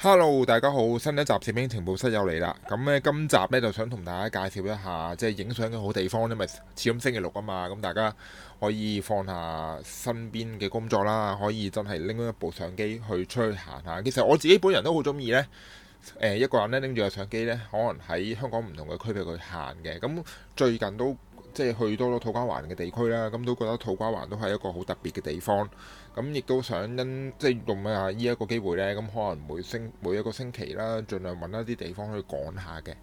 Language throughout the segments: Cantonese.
Hello，大家好，新一集攝影情報室又嚟啦。咁咧，今集咧就想同大家介紹一下，即係影相嘅好地方。因為始終係星期六啊嘛，咁大家可以放下身邊嘅工作啦，可以真係拎一部相機去出去行下。其實我自己本人都好中意咧，誒、呃，一個人咧拎住個相機咧，可能喺香港唔同嘅區域去行嘅。咁最近都。即係去多咗土瓜環嘅地區啦，咁都覺得土瓜環都係一個好特別嘅地方。咁亦都想因即係用啊呢一個機會呢，咁可能每星每一個星期啦，儘量揾一啲地方去趕下嘅。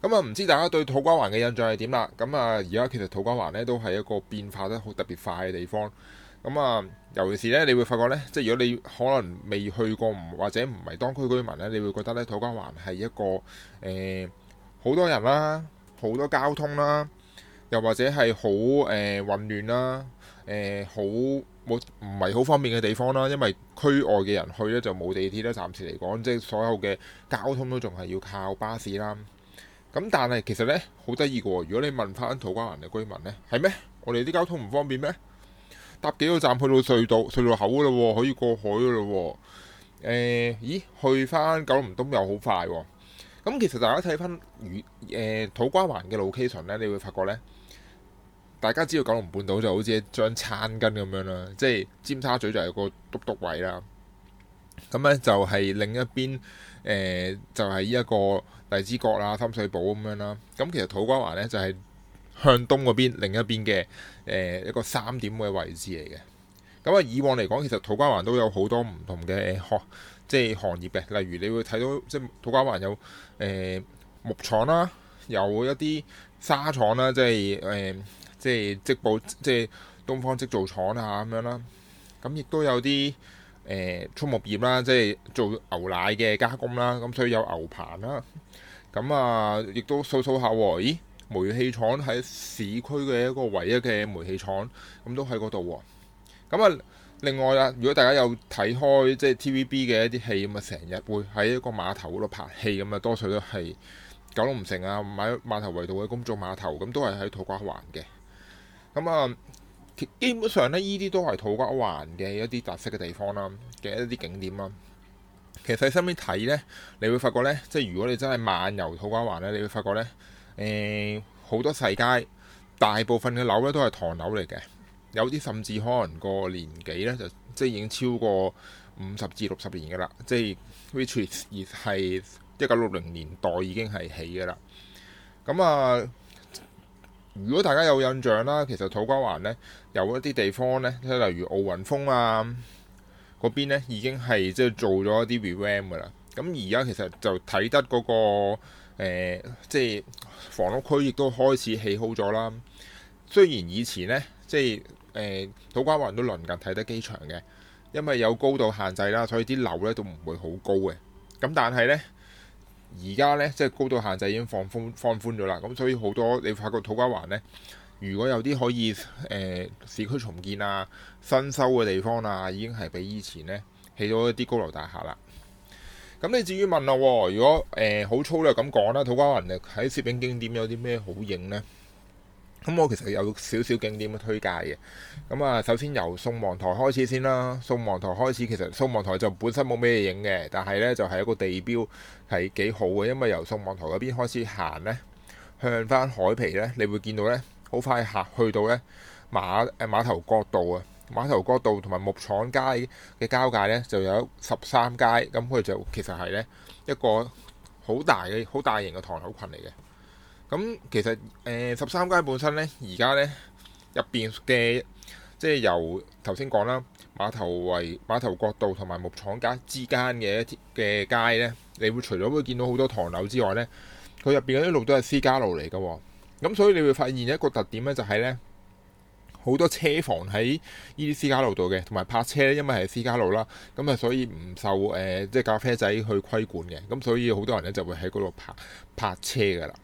咁啊，唔知大家對土瓜環嘅印象係點啦？咁啊，而家其實土瓜環呢都係一個變化得好特別快嘅地方。咁啊，尤其是呢，你會發覺呢，即係如果你可能未去過，或者唔係當區居民呢，你會覺得呢，土瓜環係一個誒好、呃、多人啦，好多交通啦。又或者係好誒混亂啦，誒、呃、好冇唔係好方便嘅地方啦，因為區外嘅人去咧就冇地鐵啦，暫時嚟講，即係所有嘅交通都仲係要靠巴士啦。咁但係其實呢，好得意嘅喎，如果你問返土瓜灣嘅居民呢，係咩？我哋啲交通唔方便咩？搭幾個站去到隧道隧道口嘅咯喎，可以過海嘅咯喎。咦？去返九龍東又好快喎、哦！咁其實大家睇翻如誒土瓜環嘅 location 咧，你會發覺咧，大家知道九龍半島就好似一張餐巾咁樣啦，即係尖沙咀就係個篤篤位啦。咁、啊、咧就係、是、另一邊誒、呃，就係、是、呢一個荔枝角啦、深水埗咁樣啦。咁、啊、其實土瓜環咧就係、是、向東嗰邊另一邊嘅誒一個三點嘅位置嚟嘅。咁啊，以往嚟講，其實土瓜環都有好多唔同嘅殼。即係行業嘅，例如你會睇到即係土瓜灣有誒、呃、木廠啦，有一啲沙廠啦，即係誒、呃、即係織布，即係東方織造廠啊咁樣啦。咁亦都有啲誒畜牧業啦，即係做牛奶嘅加工啦。咁所以有牛棚啦。咁啊，亦都數數下喎、啊，咦？煤氣廠喺市區嘅一個唯一嘅煤氣廠，咁都喺嗰度喎。咁啊～另外啦，如果大家有睇開即係 TVB 嘅一啲戲咁啊，成日會喺一個碼頭度拍戲咁啊，多數都係九龍城啊、馬頭圍道嘅公眾碼頭咁，都係喺土瓜灣嘅。咁啊，基本上呢，呢啲都係土瓜灣嘅一啲特色嘅地方啦，嘅一啲景點啦。其實細心啲睇呢，你會發覺呢，即係如果你真係漫遊土瓜灣呢，你會發覺呢，誒、呃、好多細街，大部分嘅樓呢都係唐樓嚟嘅。有啲甚至可能個年紀呢，就即係已經超過五十至六十年嘅啦。即係 retreat 而係一九六零年代已經係起嘅啦。咁、嗯、啊，如果大家有印象啦，其實土瓜環呢，有一啲地方呢，咧，例如奧運峰啊嗰邊咧，已經係即係做咗一啲 revamp 嘅啦。咁而家其實就睇得嗰、那個、呃、即係房屋區亦都開始起好咗啦。雖然以前呢，即係誒、欸、土瓜灣都鄰近睇得機場嘅，因為有高度限制啦，所以啲樓咧都唔會好高嘅。咁但係呢，而家呢，即係高度限制已經放寬放寬咗啦，咁所以好多你發覺土瓜灣呢，如果有啲可以誒、呃、市區重建啊、新修嘅地方啊，已經係比以前呢起咗一啲高樓大廈啦。咁你至於問啦，如果誒好、呃、粗略咁講啦，土瓜灣喺攝影景點有啲咩好影呢？咁、嗯、我其實有少少景點嘅推介嘅，咁、嗯、啊首先由宋望台開始先啦。宋望台開始其實宋望台就本身冇咩嘢影嘅，但係呢就係、是、一個地標係幾好嘅，因為由宋望台嗰邊開始行呢，向翻海皮呢，你會見到呢，好快行去到呢，馬誒馬頭角道啊，馬頭角道同埋木廠街嘅交界呢，就有十三街，咁、嗯、佢就其實係呢一個好大嘅好大型嘅唐樓群嚟嘅。咁其實誒十三街本身咧，而家咧入邊嘅即係由頭先講啦，馬頭圍道、馬頭角道同埋木廠街之間嘅一啲嘅街咧，你會除咗會見到好多唐樓之外咧，佢入邊嗰啲路都係私家路嚟嘅哦。咁所以你會發現一個特點咧，就係咧好多車房喺呢啲私家路度嘅，同埋泊車咧，因為係私家路啦，咁啊所以唔受誒即係咖啡仔去規管嘅。咁所以好多人咧就會喺嗰度泊泊車噶啦。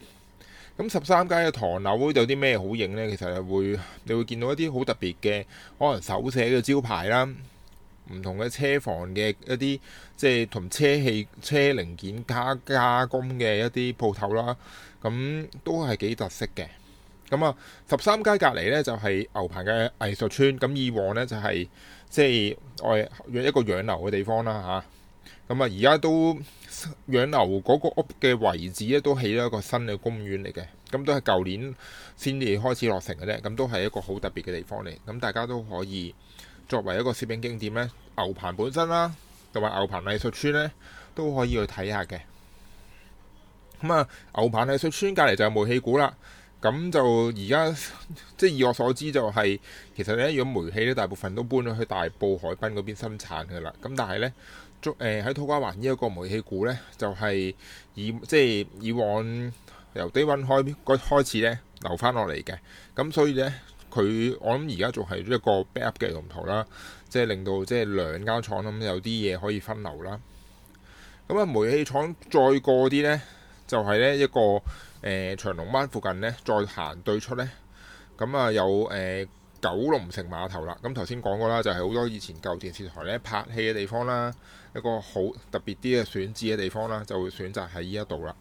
咁十三街嘅唐樓有啲咩好影呢？其實係會你會見到一啲好特別嘅，可能手寫嘅招牌啦，唔同嘅車房嘅一啲，即係同車器、車零件加加工嘅一啲鋪頭啦。咁都係幾特色嘅。咁啊，十三街隔離呢就係、係、牛棚嘅藝術村。咁以往呢、就係，就係即係我係養一個養牛嘅地方啦嚇。啊咁啊，而家都養牛嗰個屋嘅位置咧，都起咗一個新嘅公園嚟嘅。咁都係舊年先至開始落成嘅啫。咁都係一個好特別嘅地方嚟。咁大家都可以作為一個攝影景點咧。牛棚本身啦、啊，同埋牛棚藝術村咧，都可以去睇下嘅。咁啊，牛棚藝術村隔離就有煤氣股啦。咁就而家即係以我所知就係、是、其實咧，如果煤氣咧，大部分都搬咗去大埔海濱嗰邊生產噶啦。咁但係咧，仲誒喺土瓜灣呢一個煤氣股咧，就係、是、以即係以往由 day one 開嗰始咧流翻落嚟嘅。咁所以咧，佢我諗而家仲係一個 backup 嘅用途啦，即係令到即係兩間廠咁有啲嘢可以分流啦。咁啊煤氣廠再過啲咧，就係、是、咧一個誒、呃、長龍灣附近咧再行對出咧，咁啊有誒。呃九龍城碼頭啦，咁頭先講過啦，就係、是、好多以前舊電視台咧拍戲嘅地方啦。一個好特別啲嘅選址嘅地方啦，就會選擇喺呢一度啦。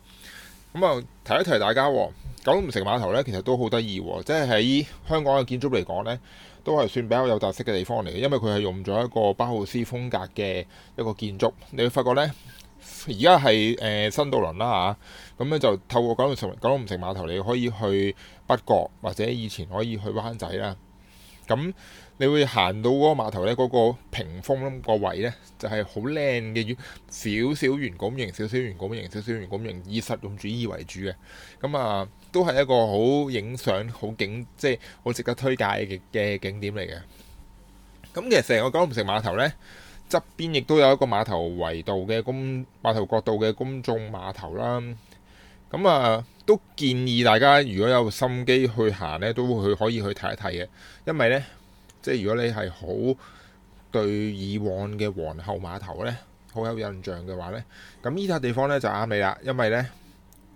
咁啊，提一提大家，九龍城碼頭呢其實都好得意喎。即係喺香港嘅建築嚟講呢，都係算比較有特色嘅地方嚟嘅，因為佢係用咗一個巴豪斯風格嘅一個建築。你會發覺呢，而家係誒新渡輪啦吓，咁、啊、咧就透過九龍城九龍城碼頭，你可以去北角或者以前可以去灣仔啦。咁你會行到嗰個碼頭呢，嗰、嗰個屏風個位呢，就係好靚嘅圓，少少圓拱形，少少圓拱形，少少圓拱形，以實用主義為主嘅。咁啊，都係一個好影相、好景，即係好值得推介嘅嘅景點嚟嘅。咁其實成個九龍城碼頭呢，側邊亦都有一個馬頭圍道嘅公馬頭角道嘅公眾碼頭啦。咁啊～都建議大家如果有心機去行呢，都去可以去睇一睇嘅，因為呢，即係如果你係好對以往嘅皇后碼頭呢，好有印象嘅話呢，咁呢笪地方呢，就啱你啦，因為呢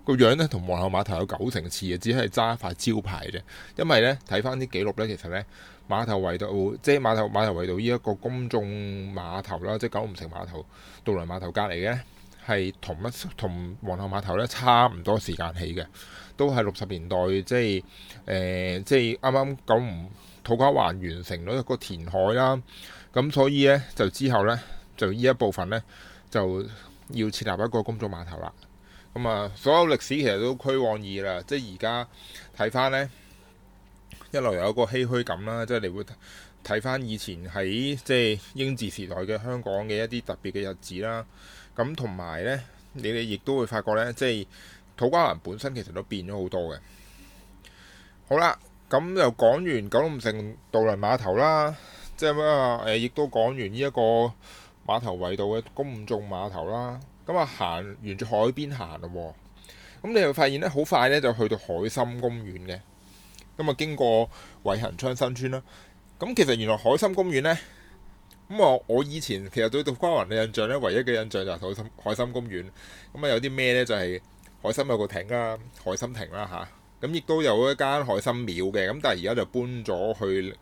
個樣呢，同皇后碼頭有九成似嘅，只係揸塊招牌嘅。因為呢，睇翻啲記錄呢，其實呢，碼頭圍到，即係碼頭碼頭圍到呢一個公眾碼頭啦，即係九龍城碼頭、渡輪碼頭隔離嘅。係同一同皇后碼頭咧差唔多時間起嘅，都係六十年代，即係誒、呃，即係啱啱九唔土瓜灣完成咗一個填海啦，咁所以咧就之後咧就呢一部分咧就要設立一個公眾碼頭啦。咁啊，所有歷史其實都俱往矣啦，即係而家睇翻咧。一路有一個唏噓感啦，即係你會睇翻以前喺即係英治時代嘅香港嘅一啲特別嘅日子啦。咁同埋呢，你哋亦都會發覺呢，即係土瓜灣本身其實都變咗好多嘅。好啦，咁又講完九龍城渡輪碼頭啦，即係咩？誒？亦都講完呢一個馬頭圍道嘅公眾碼頭啦。咁啊，行沿住海邊行啦，咁你會發現呢，好快呢就去到海心公園嘅。咁啊，經過偉恒昌新村啦。咁其實原來海心公園呢，咁啊，我以前其實對到瓜環嘅印象呢，唯一嘅印象就係海心海心公園。咁啊，有啲咩呢？就係、是、海心有個亭啦，海心亭啦吓。咁亦都有一間海心廟嘅。咁但係而家就搬咗去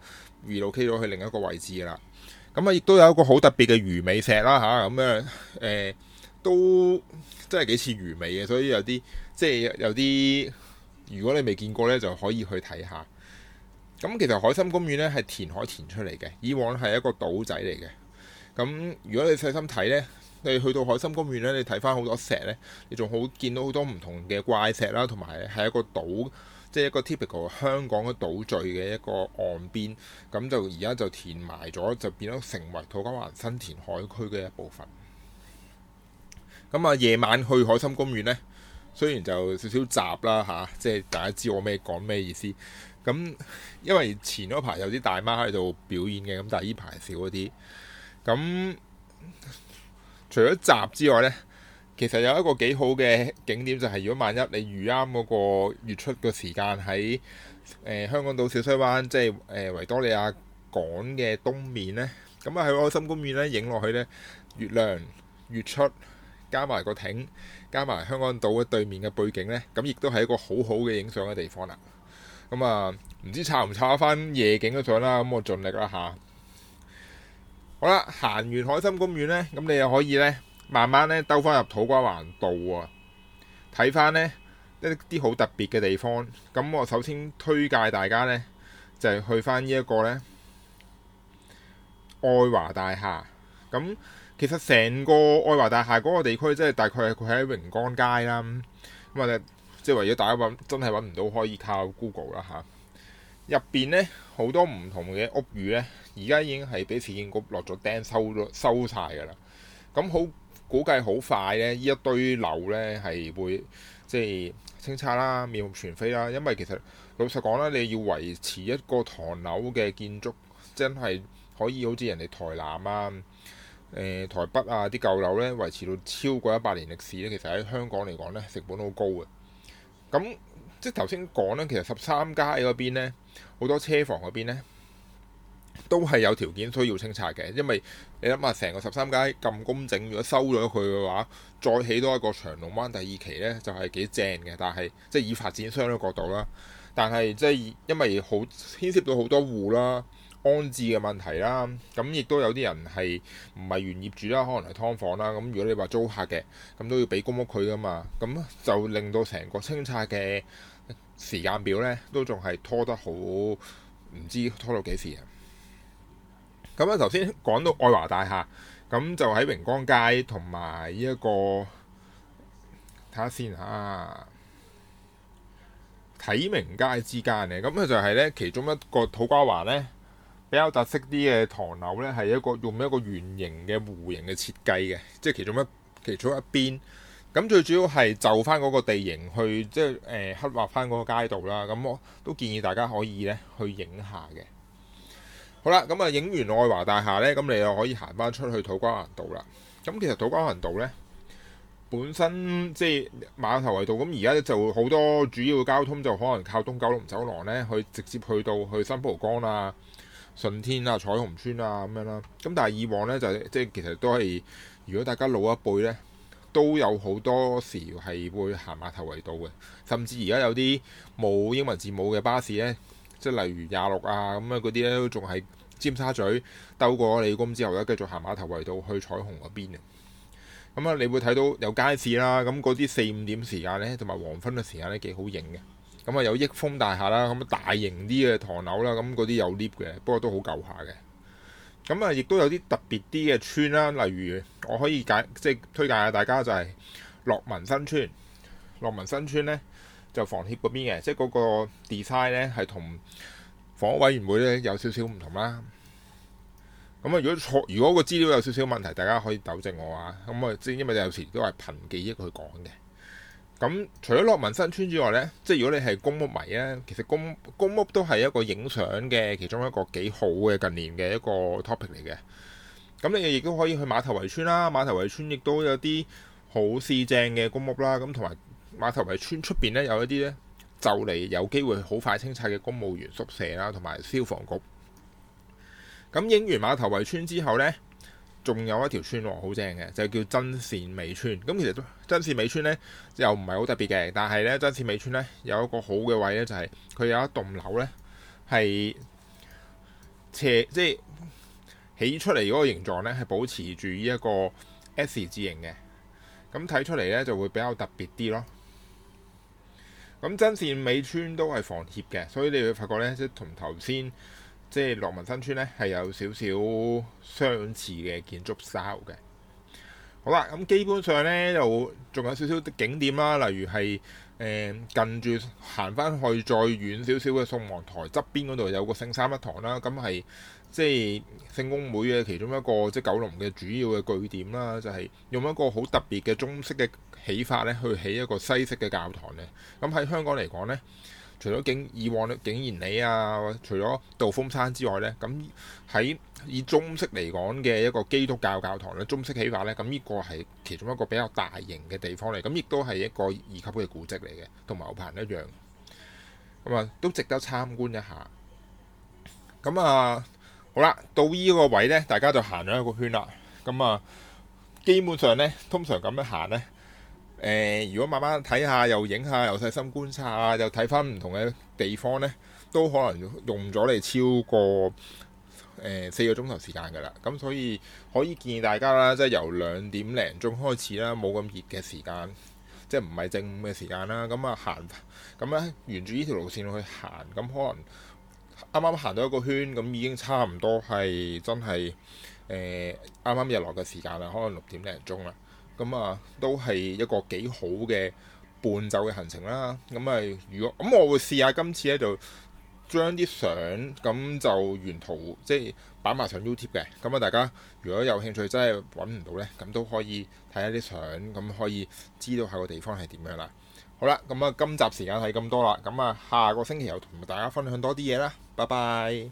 relocate 咗去另一個位置啦。咁啊，亦都有一個好特別嘅魚尾石啦吓，咁啊，誒、啊呃、都真係幾似魚尾嘅。所以有啲即係有啲。如果你未見過呢，就可以去睇下。咁其實海心公園呢係填海填出嚟嘅，以往係一個島仔嚟嘅。咁如果你細心睇呢，你去到海心公園呢，你睇翻好多石呢，你仲好見到好多唔同嘅怪石啦，同埋係一個島，即係一個 typical 香港嘅島嶼嘅一個岸邊。咁就而家就填埋咗，就變咗成為土瓜灣新填海區嘅一部分。咁啊，夜晚去海心公園呢。雖然就少少雜啦嚇，即、啊、係大家知我咩講咩意思。咁因為前嗰排有啲大媽喺度表演嘅，咁但係依排少咗啲。咁除咗雜之外呢，其實有一個幾好嘅景點就係、是，如果萬一你預啱嗰個月出嘅時間喺誒、呃、香港島小西灣，即係誒維多利亞港嘅東面呢，咁啊喺愛心公園呢，影落去呢月亮月出加埋個艇。加埋香港島嘅對面嘅背景呢，咁亦都係一個好好嘅影相嘅地方啦。咁、嗯、啊，唔知插唔插得翻夜景嘅相啦？咁、嗯、我盡力啦嚇。好啦，行完海心公園呢，咁、嗯、你又可以呢，慢慢呢兜返入土瓜灣道啊，睇返呢一啲好特別嘅地方。咁、嗯、我首先推介大家呢，就係、是、去返呢一個呢愛華大廈咁。嗯。其實成個愛華大廈嗰個地區，即係大概係佢喺榮江街啦。咁啊，即係為咗大家揾，真係揾唔到，可以靠 Google 啦嚇。入邊呢，好多唔同嘅屋宇呢，而家已經係俾市建局落咗釘，收咗收曬㗎啦。咁好估計好快呢，呢一堆樓呢，係會即係清拆啦，面目全非啦。因為其實老實講啦，你要維持一個唐樓嘅建築，真係可以好似人哋台南啊～呃、台北啊，啲舊樓呢，維持到超過一百年歷史咧，其實喺香港嚟講呢，成本好高嘅。咁即係頭先講呢，其實十三街嗰邊咧，好多車房嗰邊咧，都係有條件需要清拆嘅，因為你諗下，成個十三街咁工整，如果收咗佢嘅話，再起多一個長隆灣第二期呢，就係幾正嘅。但係即係以發展商嘅角度啦，但係即係因為好牽涉到好多戶啦。安置嘅問題啦，咁亦都有啲人係唔係原業主啦，可能係劏房啦。咁如果你話租客嘅，咁都要俾公屋佢㗎嘛。咁就令到成個清拆嘅時間表呢，都仲係拖得好唔知拖到幾時啊！咁啊，頭先講到愛華大廈，咁就喺榮光街同埋呢一個睇下先嚇，啟明街之間嘅，咁佢就係呢其中一個土瓜環呢。比較特色啲嘅唐樓呢，係一個用一個圓形嘅弧形嘅設計嘅，即係其中一其中一邊。咁最主要係就翻嗰個地形去，即係誒、呃、刻畫翻嗰個街道啦。咁我都建議大家可以呢去影下嘅。好啦，咁啊影完愛華大廈呢，咁你又可以行翻出去土瓜灣道啦。咁其實土瓜灣道呢，本身即係馬頭圍道，咁而家就好多主要嘅交通就可能靠東九龍走廊呢，去直接去到去新蒲崗啦、啊。順天啦、啊、彩虹村啊咁樣啦，咁但係以往呢，就即係其實都係，如果大家老一輩呢，都有好多時係會行馬頭圍道嘅，甚至而家有啲冇英文字母嘅巴士呢，即係例如廿六啊咁啊嗰啲呢，都仲係尖沙咀兜過理工之後呢，繼續行馬頭圍道去彩虹嗰邊啊。咁啊，你會睇到有街市啦、啊，咁嗰啲四五點時間呢，同埋黃昏嘅時間呢，幾好影嘅。咁啊有益豐大廈啦，咁啊大型啲嘅唐樓啦，咁嗰啲有 lift 嘅，不過都好舊下嘅。咁啊，亦都有啲特別啲嘅村啦，例如我可以介即係推介下大家就係樂民新村。樂民新村咧就房協嗰邊嘅，即係嗰個 design 咧係同房屋委員會咧有少少唔同啦。咁啊，如果錯，如果個資料有少少問題，大家可以糾正我啊。咁啊，即因為有時都係憑記憶去講嘅。咁除咗樂民新村之外呢，即係如果你係公屋迷呢，其實公屋公屋都係一個影相嘅其中一個幾好嘅近年嘅一個 topic 嚟嘅。咁你亦都可以去馬頭圍村啦，馬頭圍村亦都有啲好四正嘅公屋啦。咁同埋馬頭圍村出邊呢，有一啲呢就嚟有機會好快清拆嘅公務員宿舍啦，同埋消防局。咁影完馬頭圍村之後呢。仲有一條村喎，好正嘅，就叫真善美村。咁其實真善美村呢，又唔係好特別嘅。但係呢，真善美村呢，有一個好嘅位呢，就係，就係佢有一棟樓呢，係斜，即係起出嚟嗰個形狀呢，係保持住呢一個 S 字形嘅。咁睇出嚟呢，就會比較特別啲咯。咁真善美村都係房協嘅，所以你會發覺呢，即同頭先。即係樂民新村咧，係有少少相似嘅建築 style 嘅。好啦，咁基本上咧又仲有少少的景點啦，例如係誒、呃、近住行翻去再遠少少嘅宋王台側邊嗰度有個聖三一堂啦，咁係即係聖公會嘅其中一個即係九龍嘅主要嘅據點啦，就係、是、用一個好特別嘅中式嘅起法咧去起一個西式嘅教堂咧。咁喺香港嚟講咧。除咗景以往嘅景賢里啊，除咗道風山之外呢，咁喺以中式嚟講嘅一個基督教教堂咧，中式起法呢，咁呢個係其中一個比較大型嘅地方嚟，咁亦都係一個二級嘅古蹟嚟嘅，同埋鵬一樣，咁啊都值得參觀一下。咁啊好啦，到呢個位呢，大家就行咗一個圈啦。咁啊基本上呢，通常咁樣行呢。誒、呃，如果慢慢睇下，又影下，又細心觀察，又睇翻唔同嘅地方呢，都可能用咗你超過誒、呃、四個鐘頭時，時間㗎啦。咁所以可以建議大家啦，即係由兩點零鐘開始啦，冇咁熱嘅時間，即係唔係正午嘅時間啦。咁啊行，咁咧沿住呢條路線去行，咁可能啱啱行到一個圈，咁已經差唔多係真係誒啱啱日落嘅時間啦，可能六點零鐘啦。咁啊、嗯，都係一個幾好嘅伴奏嘅行程啦。咁、嗯、啊，如果咁、嗯，我會試下今次咧就將啲相咁就沿途即係擺埋上 YouTube 嘅。咁、嗯、啊，大家如果有興趣真係揾唔到呢，咁、嗯、都可以睇下啲相，咁、嗯、可以知道下個地方係點樣啦。好啦，咁、嗯、啊，今集時間係咁多啦。咁、嗯、啊，下個星期又同大家分享多啲嘢啦。拜拜。